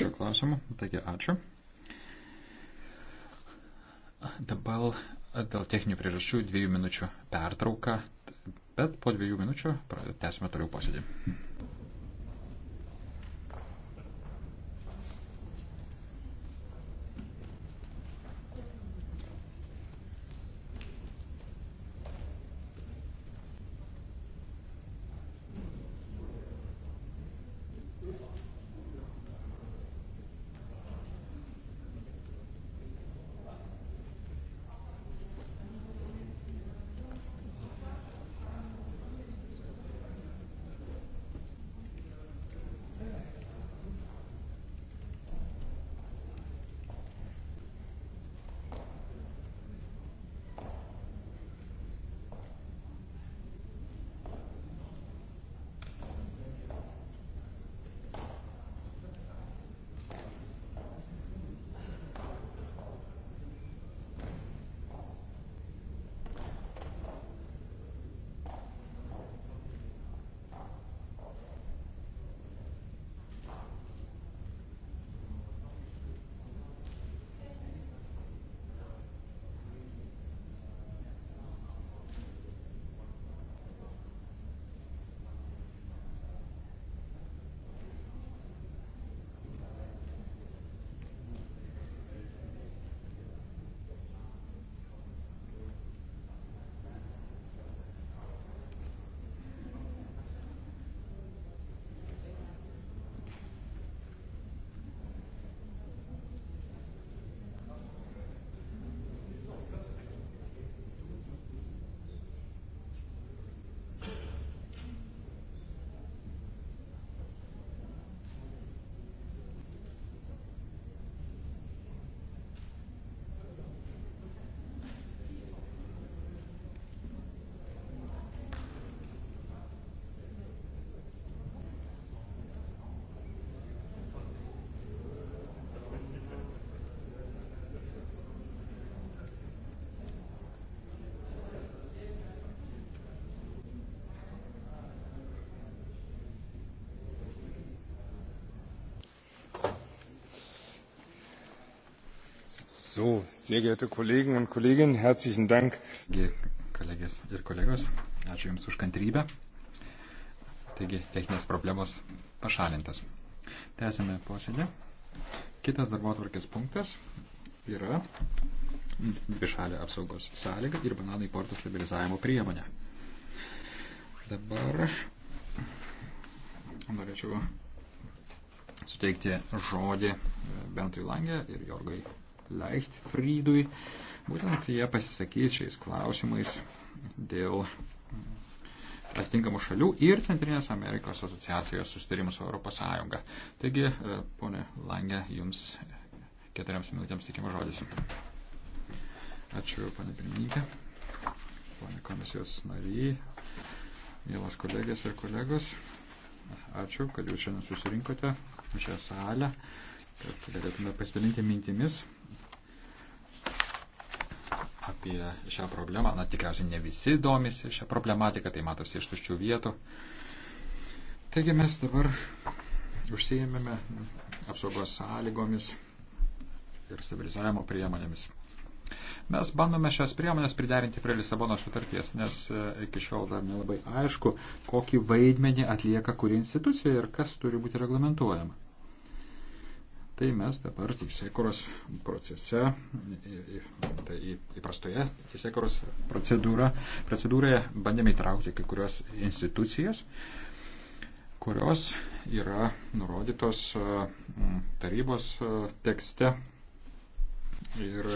šiuo klausimu. Taigi, ačiū. Dabar dėl techninių priežasčių dviejų minučių pertrauka, bet po dviejų minučių tęsime toliau posėdį. So, sehr geehrte Kollegen und Kolleginnen, herzlichen Dank. Kolegės ir kolegos, ačiū Jums už kantrybę. Taigi, techninės problemos pašalintas. Tęsime posėdį. Kitas darbo atvarkės punktas yra dvišalė apsaugos sąlyga ir bananų importo stabilizavimo priemonė. Dabar norėčiau suteikti žodį Bentui Langė ir Jorgai Leichtfriedui. Būtent jie pasisakys šiais klausimais dėl atitinkamų šalių ir Centrinės Amerikos asociacijos sustarimų su Europos Sąjunga. Taigi, e, ponė Langė, jums keturiams minutėms tikimo žodis. Ačiū, ponė pirmininkė, ponė komisijos nariai, mielas kolegės ir kolegos. Ačiū, kad jūs šiandien susirinkote šią salę, kad galėtume pasidalinti mintimis apie šią problemą. Na, tikriausiai ne visi domisi šią problematiką, tai matosi iš tuščių vietų. Taigi mes dabar užsijėmėme apsaugos sąlygomis ir stabilizavimo priemonėmis. Mes bandome šias priemonės priderinti prie Lisabono sutarties, nes e, iki šiol dar nelabai aišku, kokį vaidmenį atlieka kuri institucija ir kas turi būti reglamentuojama. Tai mes dabar teisėkuros procese, tai įprastoje teisėkuros procedūroje bandėme įtraukti kai kurios institucijas, kurios yra nurodytos tarybos tekste ir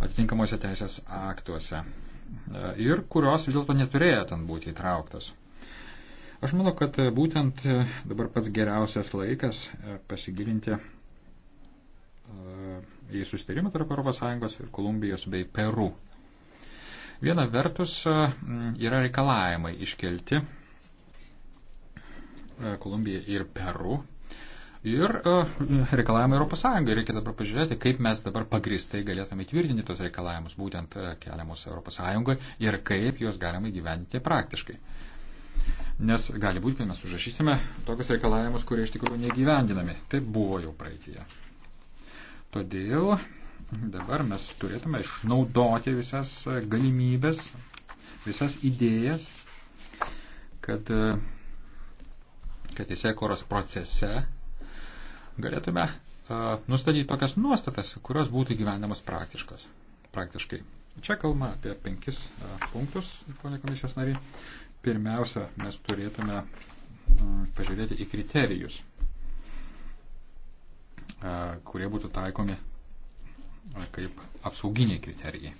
atitinkamuose teisės aktuose ir kurios vis dėlto neturėjo ten būti įtrauktos. Aš manau, kad e, būtent e, dabar pats geriausias laikas e, pasigilinti į susitarimą tarp ES ir Kolumbijos bei Peru. Viena vertus yra reikalavimai iškelti Kolumbija ir Peru. Ir reikalavimai Europos Sąjungai. Reikia dabar pažiūrėti, kaip mes dabar pagristai galėtume įtvirtinti tos reikalavimus, būtent keliamus Europos Sąjungai ir kaip juos galima įgyventi praktiškai. Nes gali būti, kad mes užrašysime tokius reikalavimus, kurie iš tikrųjų negyvendinami. Taip buvo jau praeitie. Todėl dabar mes turėtume išnaudoti visas galimybės, visas idėjas, kad, kad teisėkoros procese galėtume uh, nustatyti tokias nuostatas, kurios būtų gyvenamos praktiškos. Praktiškai. Čia kalba apie penkis uh, punktus, ponė komisijos nariai. Pirmiausia, mes turėtume mm, pažiūrėti į kriterijus, kurie būtų taikomi kaip apsauginiai kriterijai.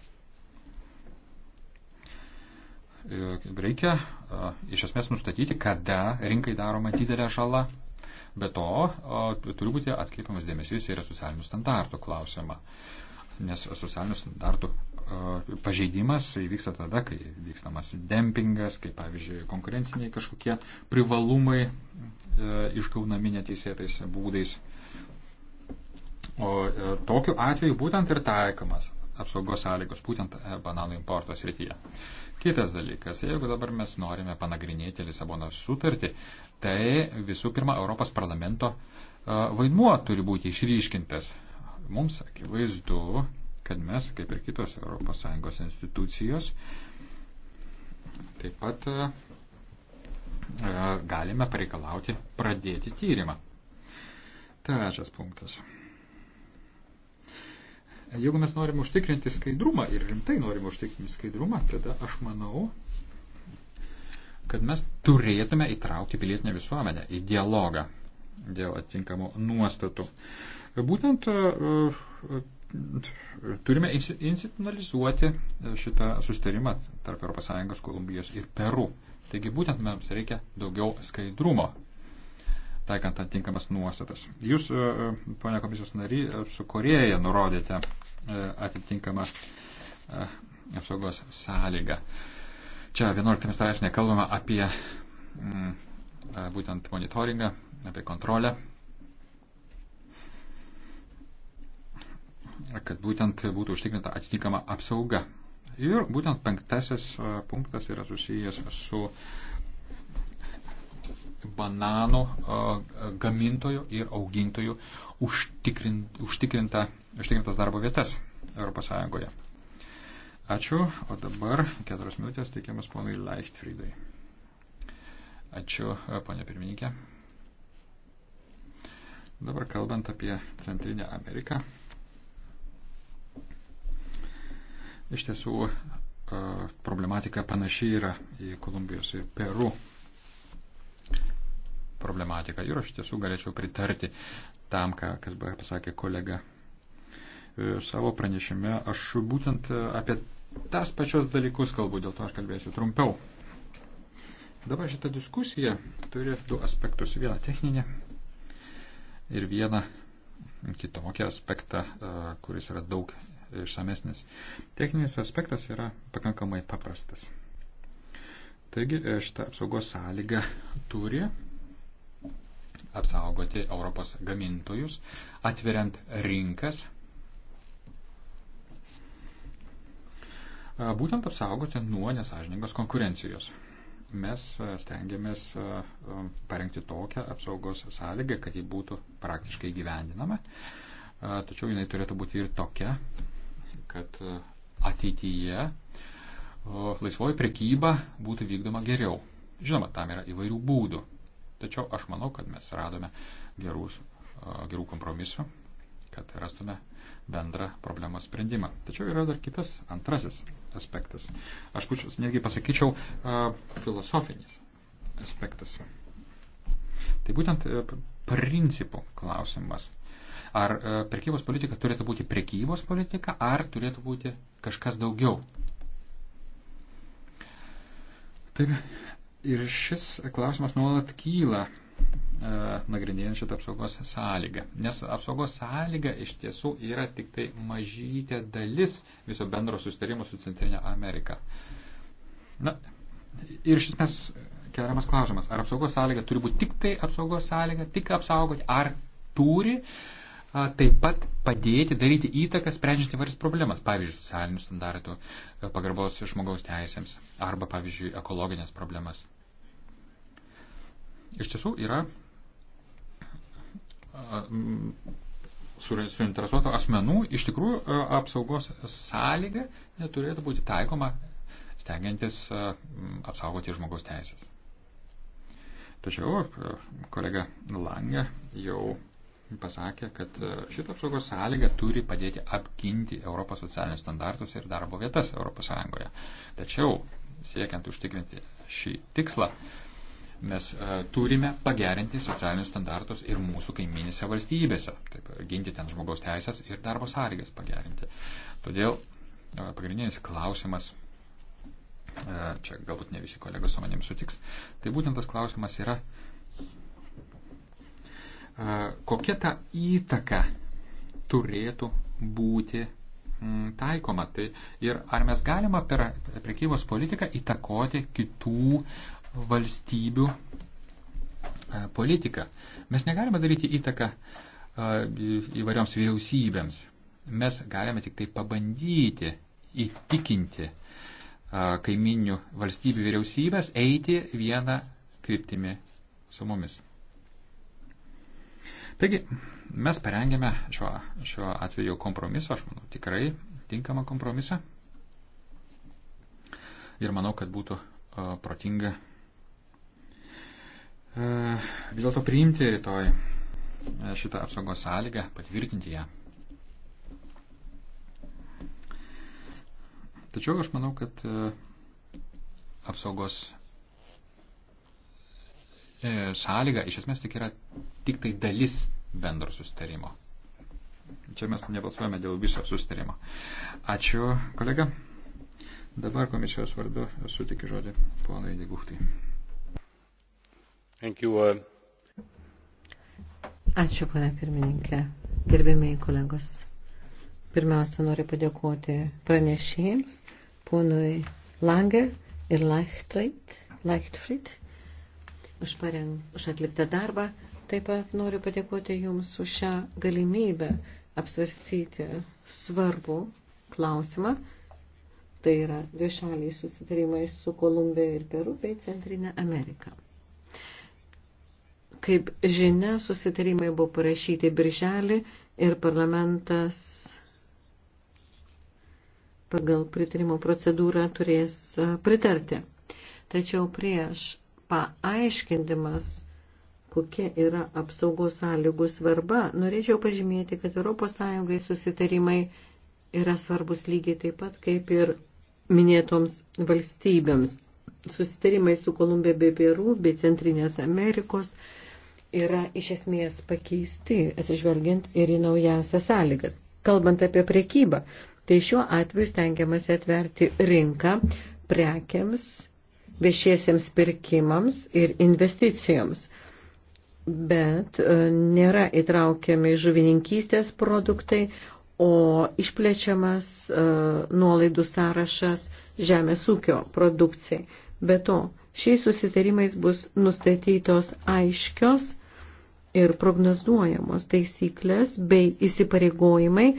Reikia iš esmės nustatyti, kada rinkai daroma didelė žala. Be to, turi būti atkreipiamas dėmesys ir socialinių standartų klausimą, nes socialinių standartų E, pažeidimas įvyksta tada, kai vykstamas dempingas, kai pavyzdžiui konkurenciniai kažkokie privalumai e, išgaunami neteisėtais būdais. O e, tokiu atveju būtent ir taikomas apsaugos sąlygos, būtent e, bananų importo srityje. Kitas dalykas, jeigu dabar mes norime panagrinėti Lisabonos sutartį, tai visų pirma Europos parlamento e, vaidmuo turi būti išryškintas. Mums akivaizdu, kad mes, kaip ir kitos ES institucijos, taip pat e, galime pareikalauti pradėti tyrimą. Trečias punktas. Jeigu mes norim užtikrinti skaidrumą ir rimtai norim užtikrinti skaidrumą, tada aš manau, kad mes turėtume įtraukti pilietinę visuomenę į dialogą dėl atinkamų nuostatų. Būtent e, turime institucionalizuoti e, šitą sustarimą tarp ES, Kolumbijos ir Peru. Taigi būtent mums reikia daugiau skaidrumo, taikant atitinkamas nuostatas. Jūs, e, e, ponia komisijos nary, su Koreja nurodėte atitinkamą apsaugos sąlygą. Čia 11 straipsnė kalbama apie mm, būtent monitoringą, apie kontrolę kad būtent būtų užtikrinta atitinkama apsauga. Ir būtent penktasis e, punktas yra susijęs su bananų e, gamintojų ir augintojų užtikrint, užtikrinta, užtikrintas darbo vietas ES. Ačiū, o dabar keturios minutės teikiamas ponui Leichtfriedai. Ačiū, e, ponė pirmininkė. Dabar kalbant apie Centrinę Ameriką, Iš tiesų, e, problematika panašiai yra į Kolumbijos ir Peru problematiką. Ir aš tiesų galėčiau pritarti tam, ką, kas buvo pasakė kolega e, savo pranešime. Aš būtent e, apie tas pačias dalykus kalbu, dėl to aš kalbėsiu trumpiau. Dabar šita diskusija turi du aspektus. Vieną techninį ir vieną kitokį aspektą, kuris yra daug išsamesnis. Techninis aspektas yra pakankamai paprastas. Taigi e, šitą apsaugos sąlygą turi apsaugoti Europos gamintojus, atveriant rinkas, e, būtent apsaugoti nuo nesažiningos konkurencijos. Mes e, stengiamės parengti tokią apsaugos sąlygą, kad ji būtų praktiškai gyvendinama, tačiau jinai turėtų būti ir tokia, kad e, ateityje e, laisvoji prekyba būtų vykdoma geriau. Žinoma, tam yra įvairių būdų. Tačiau aš manau, kad mes radome gerus, e, gerų kompromisų, kad rastume bendrą problemos sprendimą. Tačiau yra dar kitas, antrasis aspektas. Aš pučias, netgi pasakyčiau, filosofinis aspektas. Tai būtent principų klausimas. Ar e, prekybos politika turėtų būti prekybos politika, ar turėtų būti kažkas daugiau? Taip, ir šis klausimas nuolat kyla e, nagrinėjant šitą apsaugos sąlygą. Nes apsaugos sąlyga iš tiesų yra tik tai mažytė dalis viso bendro sustarimo su Centrinė Amerika. Na, ir iš esmės keliamas klausimas, ar apsaugos sąlyga turi būti tik tai apsaugos sąlyga, tik apsaugoti, ar turi taip pat padėti daryti įtaką sprendžiant įvairias problemas, pavyzdžiui, socialinių standartų, e, pagarbos žmogaus teisėms arba, pavyzdžiui, ekologinės problemas. Iš tiesų yra suinteresuoto asmenų, iš tikrųjų apsaugos sąlyga neturėtų būti taikoma, stengiantis apsaugoti žmogaus teisės. Tačiau kolega Lange jau pasakė, kad e, šitą apsaugos sąlygą turi padėti apginti Europos socialinius standartus ir darbo vietas ES. Tačiau, siekiant užtikrinti šį tikslą, mes e, turime pagerinti socialinius standartus ir mūsų kaiminėse valstybėse, taip, ginti ten žmogaus teisės ir darbo sąlygas pagerinti. Todėl e, pagrindinis klausimas, čia galbūt ne visi kolegos su manim sutiks, tai būtent tas klausimas yra, kokia ta įtaka turėtų būti mm, taikoma. Tai ir ar mes galima per prekybos politiką įtakoti kitų valstybių politiką. Mes negalime daryti įtaką įvairioms vyriausybėms. Mes galime tik tai pabandyti įtikinti kaiminių valstybių vyriausybės eiti vieną kryptimį su mumis. Taigi, mes parengėme šiuo, šiuo atveju kompromisą, aš manau, tikrai tinkamą kompromisą. Ir manau, kad būtų uh, protinga uh, vis dėlto priimti rytoj uh, šitą apsaugos sąlygą, patvirtinti ją. Tačiau aš manau, kad uh, apsaugos E, sąlyga iš esmės tik yra tik tai dalis bendro sustarimo. Čia mes nebalsuojame dėl viso sustarimo. Ačiū, kolega. Dabar komisijos vardu sutikiu žodį ponai Deguhtai. Uh, Ačiū, pana pirmininkė. Gerbėmiai kolegos. Pirmiausia, noriu padėkoti pranešėjams, ponui Lange ir Leichtfried, Leichtfried už, pareng, už atliktą darbą. Taip pat noriu padėkoti Jums už šią galimybę apsvarstyti svarbų klausimą. Tai yra dvišaliai susitarimai su Kolumbija ir Peru bei Centrinė Amerika. Kaip žinia, susitarimai buvo parašyti birželį ir parlamentas pagal pritarimo procedūrą turės pritarti. Tačiau prieš paaiškindamas, kokia yra apsaugos sąlygų svarba, norėčiau pažymėti, kad ES susitarimai yra svarbus lygiai taip pat kaip ir minėtoms valstybėms. Susitarimai su Kolumbija bei Peru bei Centrinės Amerikos yra iš esmės pakeisti, atsižvelgiant ir į naujausias sąlygas. Kalbant apie priekybą, tai šiuo atveju stengiamasi atverti rinką prekiams viešiesiems pirkimams ir investicijoms, bet e, nėra įtraukiami žuvininkystės produktai, o išplečiamas e, nuolaidų sąrašas žemės ūkio produkcijai. Be to, šiais susitarimais bus nustatytos aiškios ir prognozuojamos taisyklės bei įsipareigojimai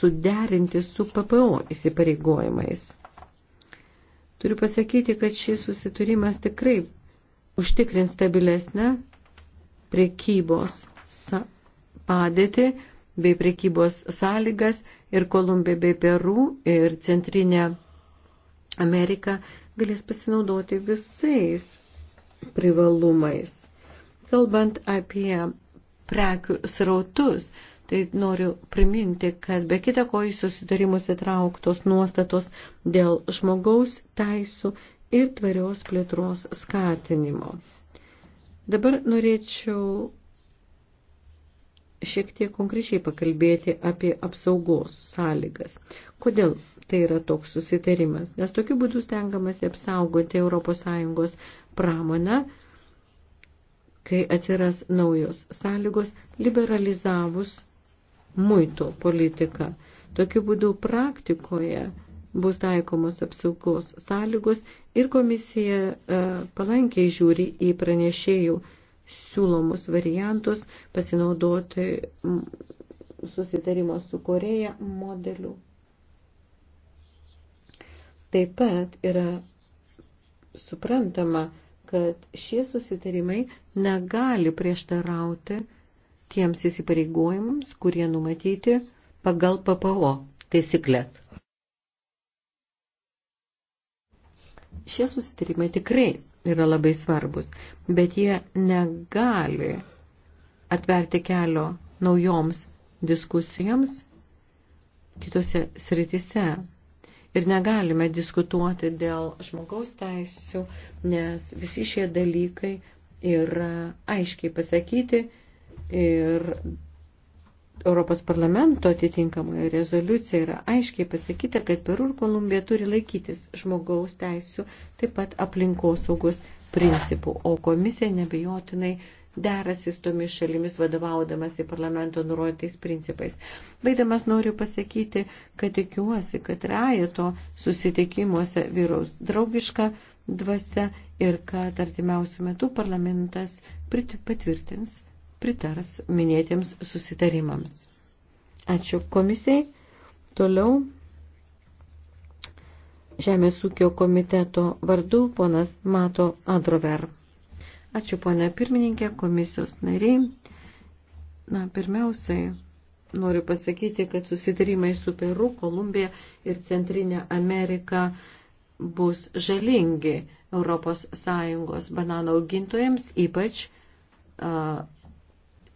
suderinti su PPO įsipareigojimais. Turiu pasakyti, kad šis susiturimas tikrai užtikrins stabilesnę prekybos padėtį bei prekybos sąlygas ir Kolumbija bei Peru ir Centrinė Amerika galės pasinaudoti visais privalumais. Kalbant apie prekių srautus, tai noriu priminti, kad be kita ko į susidarimus įtrauktos nuostatos dėl žmogaus teisų ir tvarios plėtros skatinimo. Dabar norėčiau šiek tiek konkrečiai pakalbėti apie apsaugos sąlygas. Kodėl tai yra toks susitarimas? Nes tokiu būdu stengiamasi apsaugoti ES pramoną, kai atsiras naujos sąlygos liberalizavus muitų politiką. Tokiu būdu praktikoje bus taikomos apsaugos sąlygos ir komisija e, palankiai žiūri į pranešėjų siūlomus variantus pasinaudoti susitarimo su Koreja modeliu. Taip pat yra suprantama, kad šie susitarimai negali prieštarauti tiems įsipareigojimams, kurie numatyti pagal PPO taisyklės. Šie susitarimai tikrai yra labai svarbus, bet jie negali atverti kelio naujoms diskusijoms kitose sritise. Ir negalime diskutuoti dėl žmogaus teisų, nes visi šie dalykai yra aiškiai pasakyti Ir Europos parlamento atitinkamoje rezoliucijoje yra aiškiai pasakyta, kad Peru ir Kolumbija turi laikytis žmogaus teisų, taip pat aplinkosaugos principų, o komisija nebejotinai derasi su tomis šalimis vadovaudamas į parlamento nurodytais principais. Baidamas noriu pasakyti, kad tikiuosi, kad rajeto susitikimuose vyraus draugiška dvasia ir kad artimiausių metų parlamentas patvirtins pritars minėtiems susitarimams. Ačiū komisijai. Toliau Žemės ūkio komiteto vardu ponas Mato Adrover. Ačiū ponia pirmininkė, komisijos nariai. Na, pirmiausiai noriu pasakyti, kad susitarimai su Peru, Kolumbija ir Centrinė Amerika bus žalingi ES banano augintojams, ypač uh,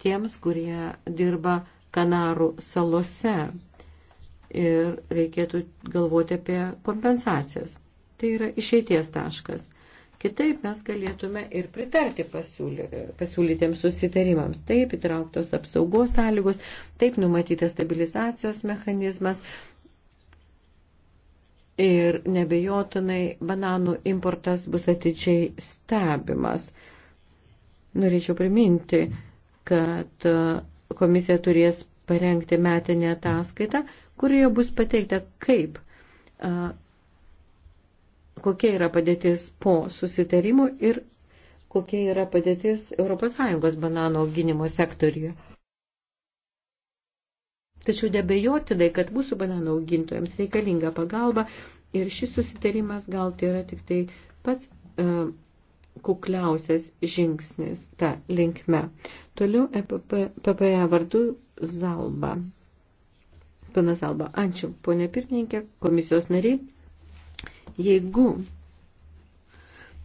tiems, kurie dirba Kanarų salose ir reikėtų galvoti apie kompensacijas. Tai yra išeities taškas. Kitaip mes galėtume ir pritarti pasiūly, pasiūlytiems susitarimams. Taip įtrauktos apsaugos sąlygos, taip numatytas stabilizacijos mechanizmas ir nebejotinai bananų importas bus atidžiai stebimas. Norėčiau priminti, kad e, komisija turės parengti metinę ataskaitą, kurioje bus pateikta, kaip, e, kokia yra padėtis po susitarimo ir kokia yra padėtis ES banano auginimo sektoriuje. Tačiau debejotinai, kad mūsų bananų augintojams reikalinga pagalba ir šis susitarimas gal tai yra tik tai pats uh, kukliausias žingsnis tą linkme. Toliau PPE e vardu Zalba. Pana Zalba, ačiū, ponė pirmininkė, komisijos nariai. Jeigu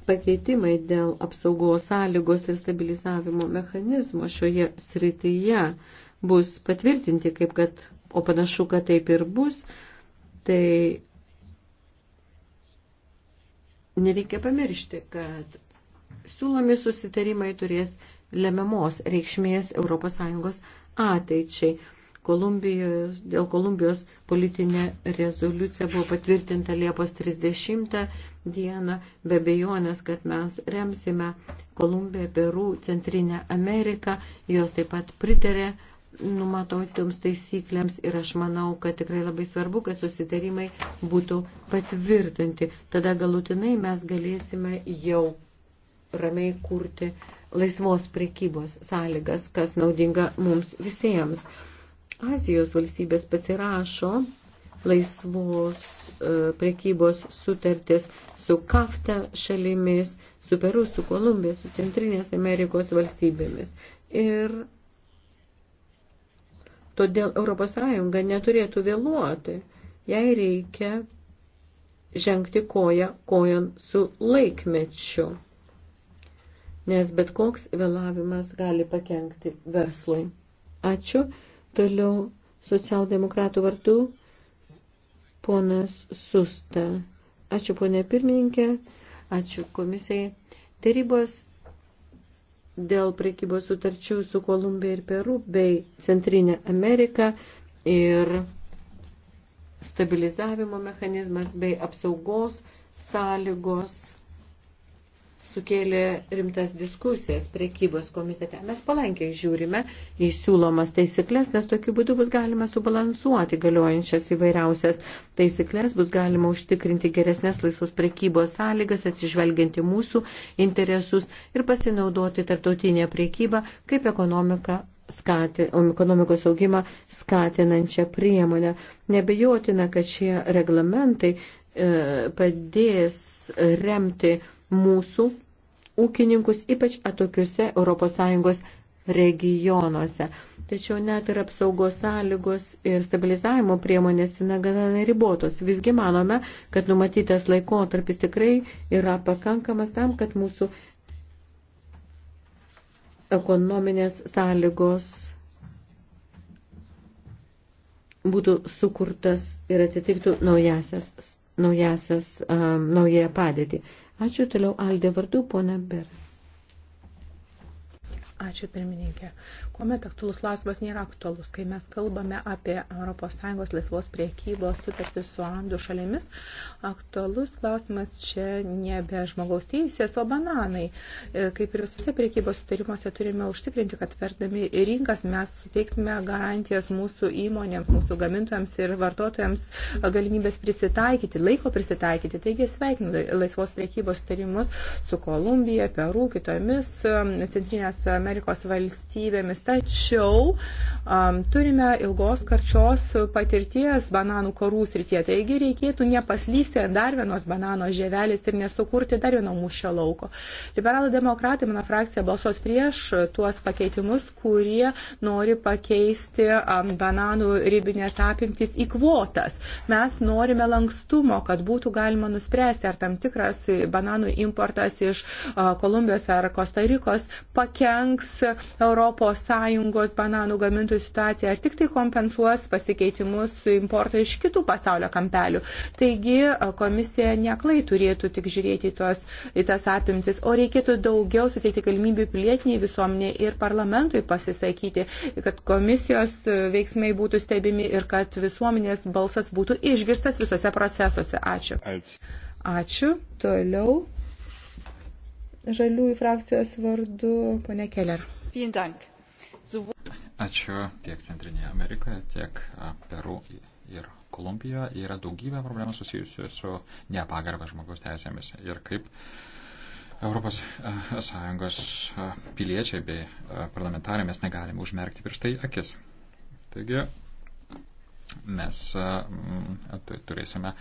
pakeitimai dėl apsaugos sąlygos ir stabilizavimo mechanizmo šioje srityje bus patvirtinti, kaip kad, o panašu, kad taip ir bus, tai nereikia pamiršti, kad siūlomi susitarimai turės lemiamos reikšmės ES ateičiai. Kolumbijos, dėl Kolumbijos politinė rezoliucija buvo patvirtinta Liepos 30 dieną, be bejonės, kad mes remsime Kolumbiją, Perų, Centrinę Ameriką, jos taip pat pritarė numatotoms taisyklėms ir aš manau, kad tikrai labai svarbu, kad susitarimai būtų patvirtinti. Tada galutinai mes galėsime jau ramiai kurti laisvos priekybos sąlygas, kas naudinga mums visiems. Azijos valstybės pasirašo laisvos e, priekybos sutartis su Kafta šalimis, su Peru, su Kolumbija, su Centrinės Amerikos valstybėmis. Ir todėl ES neturėtų vėluoti, jai reikia žengti koją kojon su laikmečiu nes bet koks vėlavimas gali pakengti verslui. Ačiū. Toliau socialdemokratų vartų ponas Susta. Ačiū ponė pirmininkė, ačiū komisijai. Tarybos dėl prekybos sutarčių su Kolumbija ir Peru bei Centrinė Amerika ir stabilizavimo mechanizmas bei apsaugos sąlygos sukėlė rimtas diskusijas priekybos komitete. Mes palankiai žiūrime į siūlomas taisyklės, nes tokiu būdu bus galima subalansuoti galiojančias įvairiausias taisyklės, bus galima užtikrinti geresnės laisvos priekybos sąlygas, atsižvelgianti mūsų interesus ir pasinaudoti tarptautinę priekybą kaip ekonomiką skatė, um, ekonomikos augimą skatinančią priemonę. Nebejotina, kad šie reglamentai e, padės remti mūsų ūkininkus, ypač atokiuose ES regionuose. Tačiau net ir apsaugos sąlygos ir stabilizavimo priemonės yra gana neribotos. Visgi manome, kad numatytas laikotarpis tikrai yra pakankamas tam, kad mūsų ekonominės sąlygos būtų sukurtas ir atitiktų naujasias, naujasias, um, naująją padėtį. Ačiū toliau Aldė vardu, pona Ber. Ačiū pirmininkė. Kuomet aktualus klausimas nėra aktualus, kai mes kalbame apie ES laisvos priekybos sutartį su Andų šalimis, aktualus klausimas čia nebe žmogaus teisės, o bananai. E, kaip ir visose priekybos sutarimuose turime užtikrinti, kad verdami rinkas mes suteiksime garantijas mūsų įmonėms, mūsų gamintojams ir vartotojams galimybės prisitaikyti, laiko prisitaikyti. Taigi sveikinu laisvos priekybos sutarimus su Kolumbija, Peru, kitomis e, Centrinės Amerikos Amerikos valstybėmis. Tačiau um, turime ilgos karčios patirties bananų karų srityje. Taigi reikėtų nepaslysti dar vienos banano žievelės ir nesukurti dar vieno mūšio lauko. Liberalų demokratai, mano frakcija, balsos prieš tuos pakeitimus, kurie nori pakeisti um, bananų ribinės apimtis į kvotas. Mes norime lankstumo, kad būtų galima nuspręsti, ar tam tikras bananų importas iš Kolumbijos ar Kostarikos pakenks pakenks ES bananų gamintojų situaciją, ar tik tai kompensuos pasikeitimus su importo iš kitų pasaulio kampelių. Taigi e, komisija neklai turėtų tik žiūrėti į, tuos, į tas apimtis, o reikėtų daugiau suteikti galimybių pilietiniai visuomeniai ir parlamentui pasisakyti, kad komisijos e, veiksmai būtų stebimi ir kad visuomenės balsas būtų išgirstas visose procesuose. Ačiū. Ačiū. Toliau žaliųjų frakcijos vardu ponė Keller. Ačiū tiek Centrinėje Amerikoje, tiek Peru ir Kolumbijoje yra daugybė problemų susijusių su nepagarba žmogaus teisėmis ir kaip ES piliečiai bei parlamentarai mes negalime užmerkti prieš tai akis. Taigi mes turėsime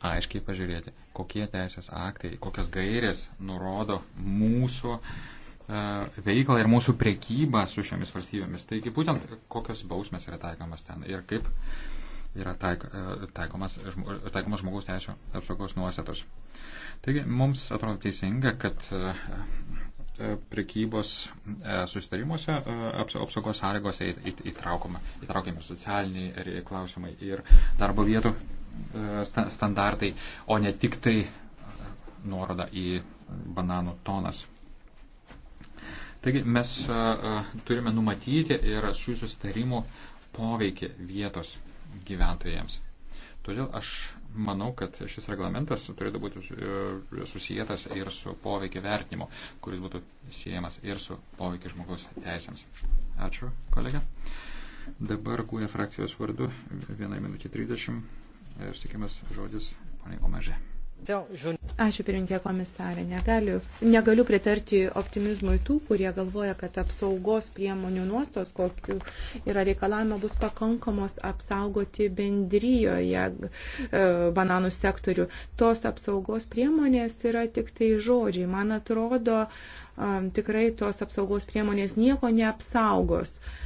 aiškiai pažiūrėti, kokie teisės aktai, kokias gairės nurodo mūsų e, veiklą ir mūsų priekybą su šiomis valstybėmis. Taigi būtent kokios bausmės yra taikomas ten ir kaip yra taik, e, taikomas, taikomas žmogaus teisų apsaugos nuostatos. Taigi mums atrodo teisinga, kad e, prekybos susitarimuose apsaugos sąlygos įtraukiami socialiniai klausimai ir darbo vietų standartai, o ne tik tai nuoroda į bananų tonas. Taigi mes turime numatyti ir šių sustarimų poveikį vietos gyventojams. Todėl aš manau, kad šis reglamentas turėtų būti susijęs ir su poveikio vertinimu, kuris būtų siejamas ir su poveikio žmogaus teisėms. Ačiū, kolega. Dabar guoja e frakcijos vardu, 1 minutė 30, ir tikimas žodis poniai Omežė. Ačiū pirinkė komisarė. Negaliu, negaliu pritarti optimizmui tų, kurie galvoja, kad apsaugos priemonių nuostos, kokiu yra reikalavimo, bus pakankamos apsaugoti bendryjoje e, bananų sektorių. Tos apsaugos priemonės yra tik tai žodžiai. Man atrodo, e, tikrai tos apsaugos priemonės nieko neapsaugos. E,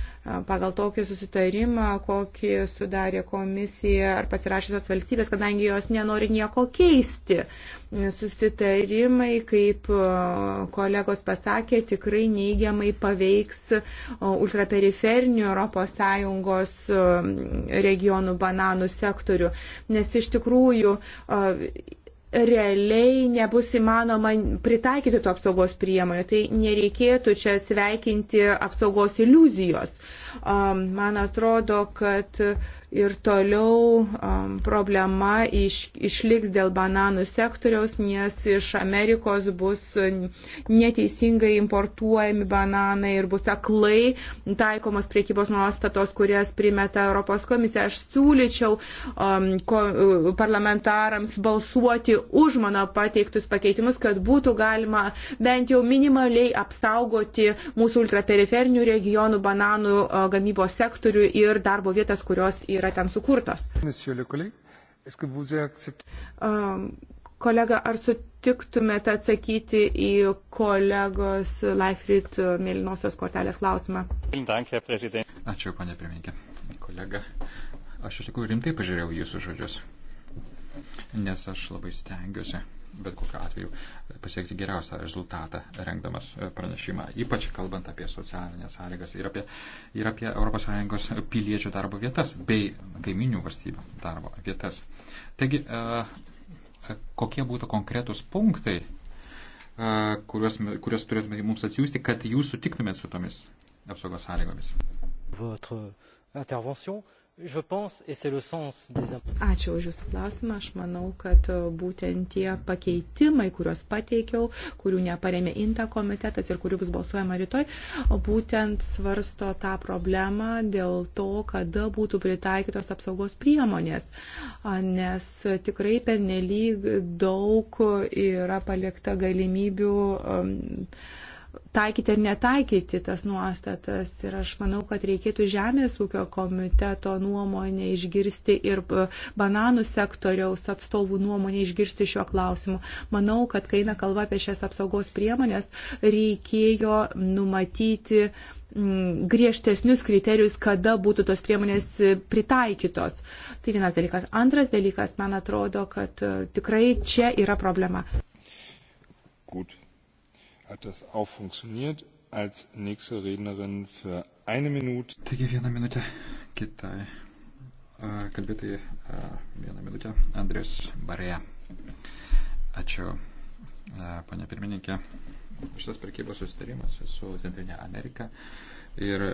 pagal tokį susitarimą, kokį sudarė komisija ar pasirašytos valstybės, kadangi jos nenori nieko keisti. Susitarimai, kaip e, kolegos pasakė, tikrai neigiamai paveiks e, ultraperiferinių ES e, regionų bananų sektorių, nes iš tikrųjų realiai nebus įmanoma pritaikyti tų apsaugos priemonių. Tai nereikėtų čia sveikinti apsaugos iliuzijos. Um, man atrodo, kad ir toliau um, problema iš, išliks dėl bananų sektoriaus, nes iš Amerikos bus neteisingai importuojami bananai ir bus aklai taikomos priekybos nuostatos, kurias primeta Europos komisija. Aš siūlyčiau um, ko, uh, parlamentarams balsuoti už mano pateiktus pakeitimus, kad būtų galima bent jau minimaliai apsaugoti mūsų ultraperiferinių regionų bananų uh, gamybos sektorių ir darbo vietas, kurios yra yra ten sukurtos. Um, kolega, ar sutiktumėte atsakyti į kolegos Laifrit uh, mėlynosios kortelės klausimą? Ačiū, panė pirmininkė. Kolega, aš iš tikrųjų rimtai pažiūrėjau jūsų žodžius, nes aš labai stengiuosi bet kokiu atveju pasiekti geriausią rezultatą rengdamas pranešimą, ypač kalbant apie socialinės sąlygas ir apie, ir apie ES piliečių darbo vietas bei kaiminių valstybių darbo vietas. Taigi, e, e, kokie būtų konkretus punktai, e, kuriuos, kuriuos turėtumėte mums atsiųsti, kad jūs sutiktumėte su tomis apsaugos sąlygomis? Votre intervention Ačiū už Jūsų klausimą. Aš manau, kad e, būtent tie pakeitimai, kuriuos pateikiau, kurių neparėmė INTA komitetas ir kurių bus balsuojama rytoj, būtent svarsto tą problemą dėl to, kada būtų pritaikytos apsaugos priemonės. Nes tikrai pernelyg daug yra palikta galimybių. Um, taikyti ar netaikyti tas nuostatas. Ir aš manau, kad reikėtų Žemės ūkio komiteto nuomonę išgirsti ir e, bananų sektoriaus atstovų nuomonę išgirsti šiuo klausimu. Manau, kad kai eina kalba apie šias apsaugos priemonės, reikėjo numatyti griežtesnius kriterijus, kada būtų tos priemonės e, pritaikytos. Tai vienas dalykas. Antras dalykas, man atrodo, kad e, tikrai čia yra problema. Gut hat das auch funktioniert. Als nächste Rednerin für eine Minute. Taigi vieną minutę kitai kalbėtai vieną minutę Andrės Barėja. Ačiū, ponė pirmininkė. Šitas prekybos susitarimas su Centrinė Amerika ir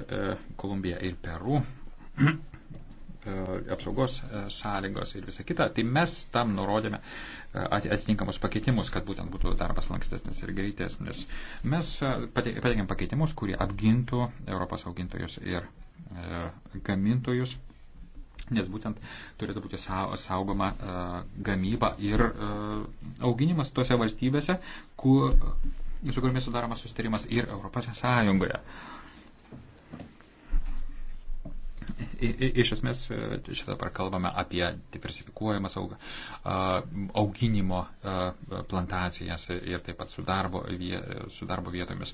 Kolumbija ir Peru E, apsaugos e, sąlygos ir visa kita, tai mes tam nurodėme e, atitinkamus pakeitimus, kad būtent būtų darbas lankstesnis ir greitesnis. Mes pateikėm pakeitimus, kurie apgintų Europos augintojus ir gamintojus nes būtent turėtų būti saugoma gamyba ir auginimas tose valstybėse, kur, su kuriomis sudaromas susitarimas ir Europos Sąjungoje. Uh, Iš esmės, e, čia dabar kalbame apie diversifikuojamą saugą, auginimo plantacijas ir taip pat su darbo, su darbo vietomis.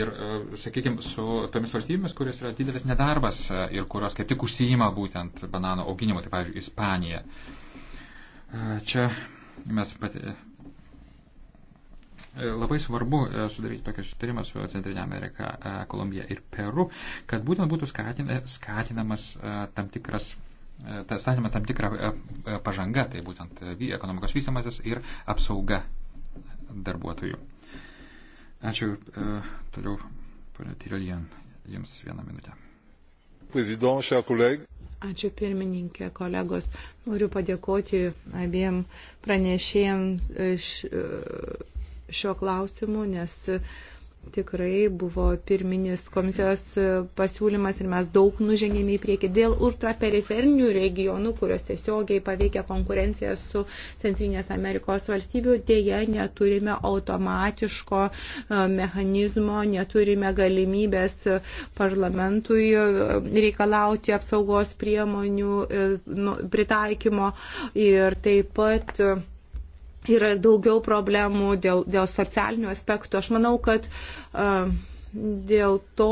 Ir, e, sakykime, su tomis valstybėmis, kurios yra didelis nedarbas e, ir kurios kaip tik užsijima būtent banano auginimo, tai pavyzdžiui, Ispanija. Čia mes E, labai svarbu e, sudaryti tokį sutarimą su Centrinė Amerika, e, Kolumbija ir Peru, kad būtent būtų skatina, skatinamas tam tikras. Statėme tam tikrą pažangą, tai būtent ekonomikos vystimasis ir apsauga darbuotojų. Ačiū. Toliau, ponia Tirilijan, jums vieną minutę. Ačiū pirmininkė, kolegos. Noriu padėkoti abiem pranešėjams iš šio klausimu, nes tikrai buvo pirminis komisijos pasiūlymas ir mes daug nužengėme į priekį dėl ultraperiferinių regionų, kurios tiesiogiai paveikia konkurenciją su Centrinės Amerikos valstybių. Dėja, neturime automatiško e, mechanizmo, neturime galimybės parlamentui e, reikalauti apsaugos priemonių e, nu, pritaikymo ir taip pat yra daugiau problemų dėl, dėl socialinių aspektų. Aš manau, kad uh, dėl to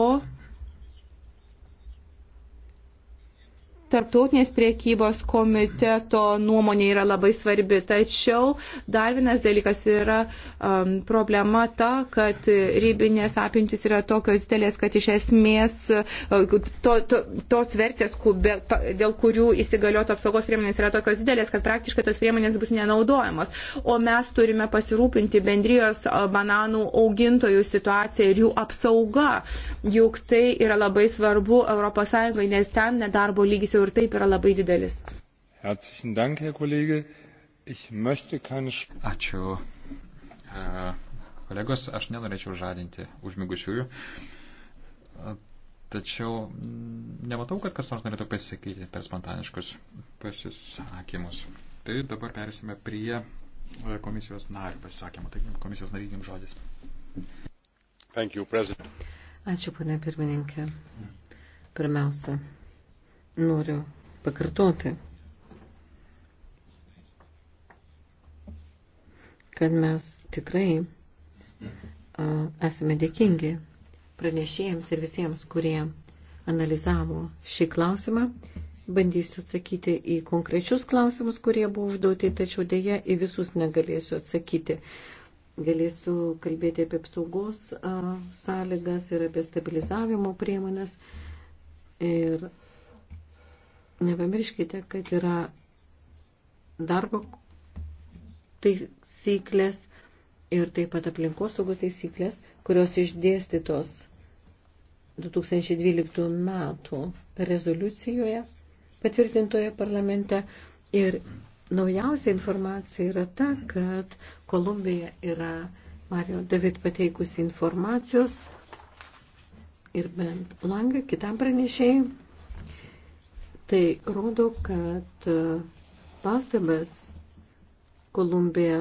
Tarptautinės priekybos komiteto nuomonė yra labai svarbi, tačiau dar vienas dalykas yra um, problema ta, kad rybinės apimtis yra tokios didelės, kad iš esmės uh, to, to, tos vertės, kube, dėl kurių įsigaliotų apsaugos priemonės, yra tokios didelės, kad praktiškai tos priemonės bus nenaudojamos. O mes turime pasirūpinti bendrijos uh, bananų augintojų situaciją ir jų apsauga, juk tai yra labai svarbu ES, nes ten nedarbo lygis jau ir taip yra labai didelis. Ačiū. E, kolegos, aš nenorėčiau žadinti užmigusiųjų, e, tačiau mm, nematau, kad kas nors norėtų pasisakyti per spontaniškus pasisakymus. Tai dabar perėsime prie e, komisijos nario pasisakymo. Taigi, komisijos nariai jums žodis. Thank you, President. Ačiū, ponė pirmininkė. Pirmiausia, Noriu pakartoti, kad mes tikrai esame dėkingi pranešėjams ir visiems, kurie analizavo šį klausimą. Bandysiu atsakyti į konkrečius klausimus, kurie buvo užduoti, tačiau dėja į visus negalėsiu atsakyti. Galėsiu kalbėti apie apsaugos sąlygas ir apie stabilizavimo priemonės. Ir Nepamirškite, kad yra darbo taisyklės ir taip pat aplinkosaugos taisyklės, kurios išdėstytos 2012 metų rezoliucijoje patvirtintoje parlamente. Ir naujausia informacija yra ta, kad Kolumbija yra Mario David pateikusi informacijos ir bent langą kitam pranešėjui Tai rodo, kad e, pastabas Kolumbija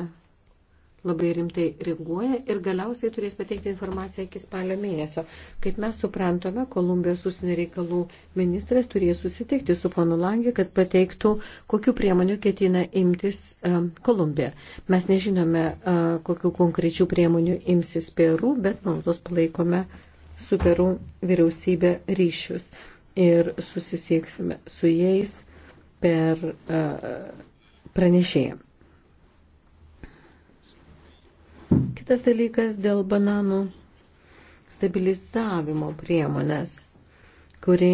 labai rimtai reaguoja ir galiausiai turės pateikti informaciją iki spalio mėnesio. Kaip mes suprantame, Kolumbijos užsienio reikalų ministras turės susitikti su ponu Langė, kad pateiktų, kokiu priemoniu ketina imtis um, Kolumbija. Mes nežinome, uh, kokiu konkrečiu priemoniu imsis Peru, bet nuolatos palaikome su Peru vyriausybė ryšius ir susisieksime su jais per e, pranešėją. Kitas dalykas dėl bananų stabilizavimo priemonės, kuri,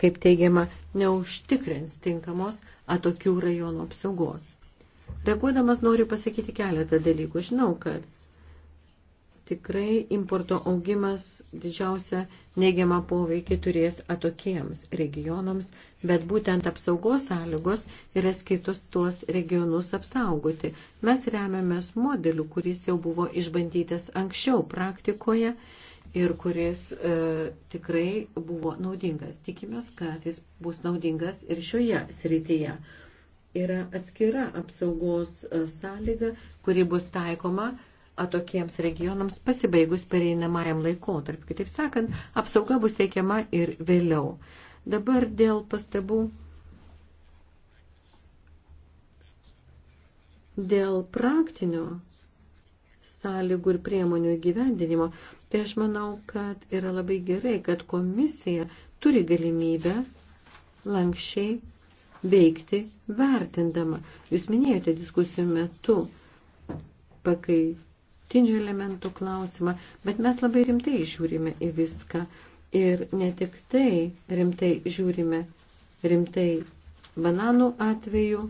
kaip teigiama, neužtikrins tinkamos atokių rajonų apsaugos. Reaguodamas noriu pasakyti keletą dalykų. Žinau, kad tikrai importo augimas didžiausia neigiamą poveikį turės atokiems regionams, bet būtent apsaugos sąlygos yra skirtos tuos regionus apsaugoti. Mes remiamės modeliu, kuris jau buvo išbandytas anksčiau praktikoje ir kuris e, tikrai buvo naudingas. Tikimės, kad jis bus naudingas ir šioje srityje. Yra atskira apsaugos e, sąlyga, kuri bus taikoma atokiems regionams pasibaigus pereinamajam laikotarpiu. Kitaip sakant, apsauga bus teikiama ir vėliau. Dabar dėl pastabų. Dėl praktinio sąlygų ir priemonių įgyvendinimo, tai aš manau, kad yra labai gerai, kad komisija turi galimybę lankščiai veikti vertindama. Jūs minėjote diskusijų metu pakai sudėtinių elementų klausimą, bet mes labai rimtai žiūrime į viską ir ne tik tai rimtai žiūrime, rimtai bananų atveju,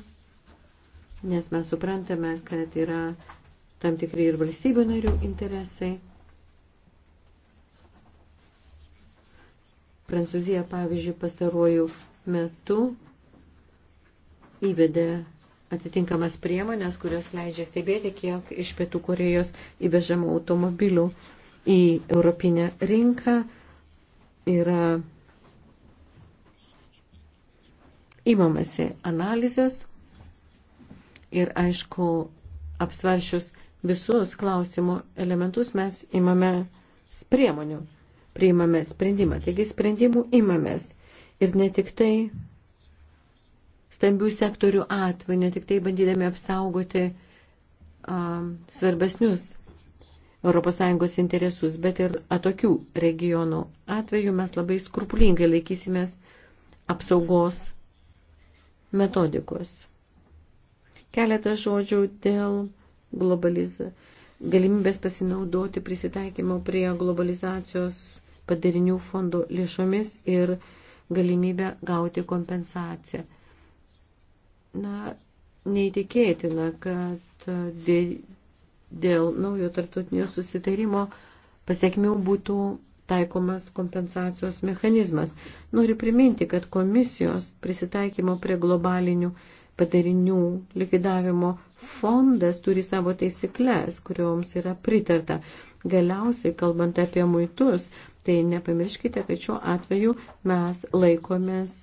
nes mes suprantame, kad yra tam tikri ir valstybių narių interesai. Prancūzija, pavyzdžiui, pastaruoju metu įvedė atitinkamas priemonės, kurios leidžia stebėti, kiek iš Pietų Korejos įvežama automobilių į europinę rinką. Yra įmamasi analizės ir, aišku, apsvaršius visus klausimo elementus mes imame priemonių, priimame sprendimą. Taigi sprendimų imamės ir ne tik tai stambių sektorių atveju, ne tik tai bandydami apsaugoti um, svarbesnius ES interesus, bet ir atokių regionų atveju mes labai skrupulingai laikysimės apsaugos metodikos. Keletą žodžių dėl globaliza... galimybės pasinaudoti prisitaikymo prie globalizacijos padarinių fondo lėšomis ir galimybę gauti kompensaciją neįtikėtina, kad dėl naujo tartutinio susitarimo pasiekmių būtų taikomas kompensacijos mechanizmas. Noriu priminti, kad komisijos prisitaikymo prie globalinių padarinių likvidavimo fondas turi savo taisyklės, kurioms yra pritarta. Galiausiai, kalbant apie muitus, tai nepamirškite, kad šiuo atveju mes laikomės e,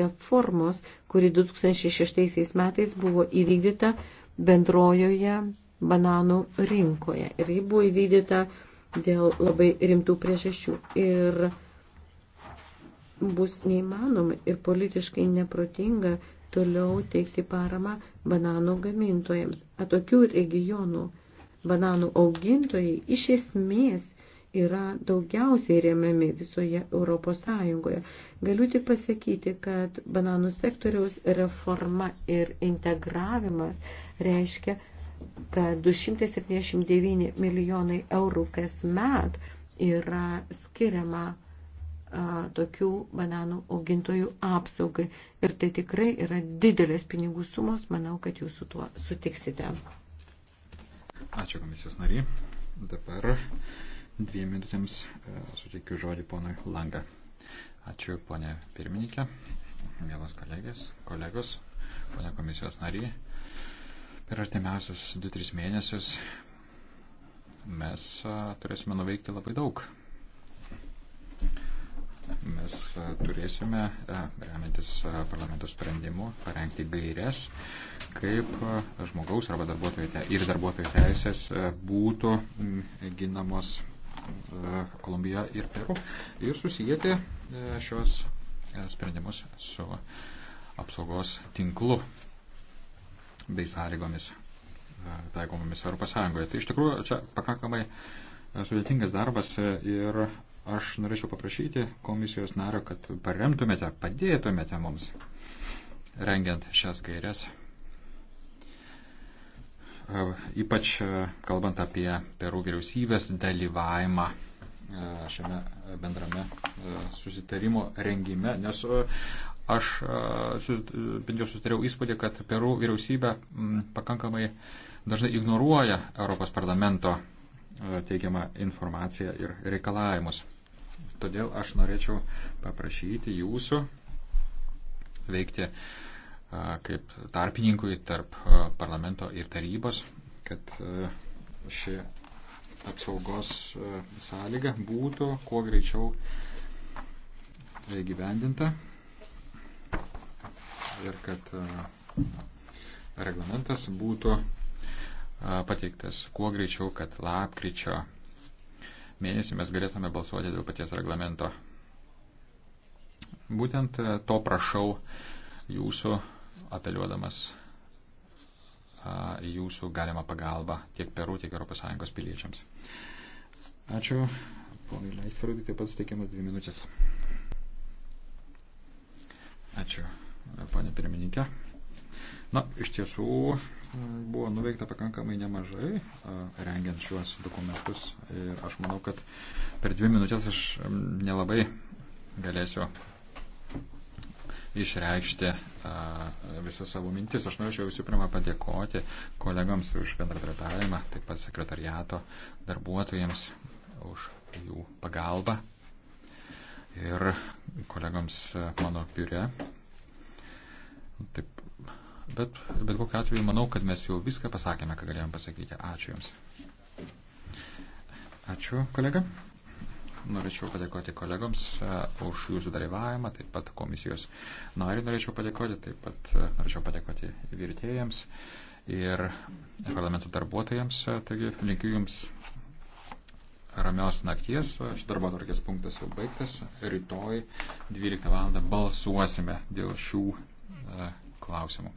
reformos, kuri 2006 metais buvo įvykdyta bendrojoje bananų rinkoje. Ir ji buvo įvykdyta dėl labai rimtų priežasčių. Ir bus neįmanoma ir politiškai neprotinga toliau teikti paramą bananų gamintojams. Atokių regionų bananų augintojai iš esmės yra daugiausiai remiami visoje Europos Sąjungoje. Galiu tik pasakyti, kad bananų sektoriaus reforma ir integravimas reiškia, kad 279 milijonai eurų kas met yra skiriama a, tokių bananų augintojų apsaugai. Ir tai tikrai yra didelės pinigų sumos, manau, kad jūs su tuo sutiksite. Ačiū komisijos nariai. Dabar dviem minutėms e, suteikiu žodį ponui Langa. Ačiū ponė pirmininkė, mielas kolegės, kolegos, ponė komisijos nariai. Per artimiausius 2-3 mėnesius mes e, turėsime nuveikti labai daug Mes e, turėsime, e, remiantis e, parlamento sprendimu, parengti gairias, kaip žmogaus arba darbuotojų ir darbuotojų teisės būtų ginamos Kolumbija ir Peru ir susijęti šios sprendimus su apsaugos tinklu bei sąlygomis taikomomis Europos Sąjungoje. Tai iš tikrųjų čia pakankamai sudėtingas darbas ir Aš norėčiau paprašyti komisijos nario, kad paremtumėte, padėtumėte mums rengiant šias gairias. E, ypač e, kalbant apie Perų vyriausybės dalyvavimą e, šiame bendrame susitarimo rengime, nes aš bent jau susidariau įspūdį, kad Perų vyriausybė pakankamai dažnai ignoruoja Europos parlamento teikiamą informaciją ir reikalavimus. Todėl aš norėčiau paprašyti jūsų veikti kaip tarpininkui tarp parlamento ir tarybos, kad ši apsaugos sąlyga būtų kuo greičiau įgyvendinta ir kad reglamentas būtų pateiktas kuo greičiau, kad lapkričio mėnesį mes galėtume balsuoti dėl paties reglamento. Būtent e, to prašau jūsų, apeliuodamas į jūsų galimą pagalbą tiek Peru, tiek ES piliečiams. Ačiū. Ponui Leisferdui taip pat suteikiamas dvi minutės. Ačiū, e, ponė pirmininkė. Na, iš tiesų, buvo nuveikta pakankamai nemažai, rengiant šiuos dokumentus. Ir aš manau, kad per dvi minutės aš nelabai galėsiu išreikšti visą savo mintis. Aš norėčiau visų pirma padėkoti kolegams už bendradarbiavimą, taip pat sekretariato darbuotojams už jų pagalbą ir kolegams mano biure. Taip Bet, bet kokiu atveju manau, kad mes jau viską pasakėme, ką galėjom pasakyti. Ačiū Jums. Ačiū, kolega. Norėčiau padėkoti kolegoms uh, už jūsų dalyvavimą, taip pat komisijos nariui norėčiau padėkoti, taip pat uh, norėčiau padėkoti virtėjams ir parlamento darbuotojams. Uh, taigi, linkiu Jums ramios nakties. Šis darbo atvarkės punktas jau baigtas. Rytoj 12 val. balsuosime dėl šių klausimų.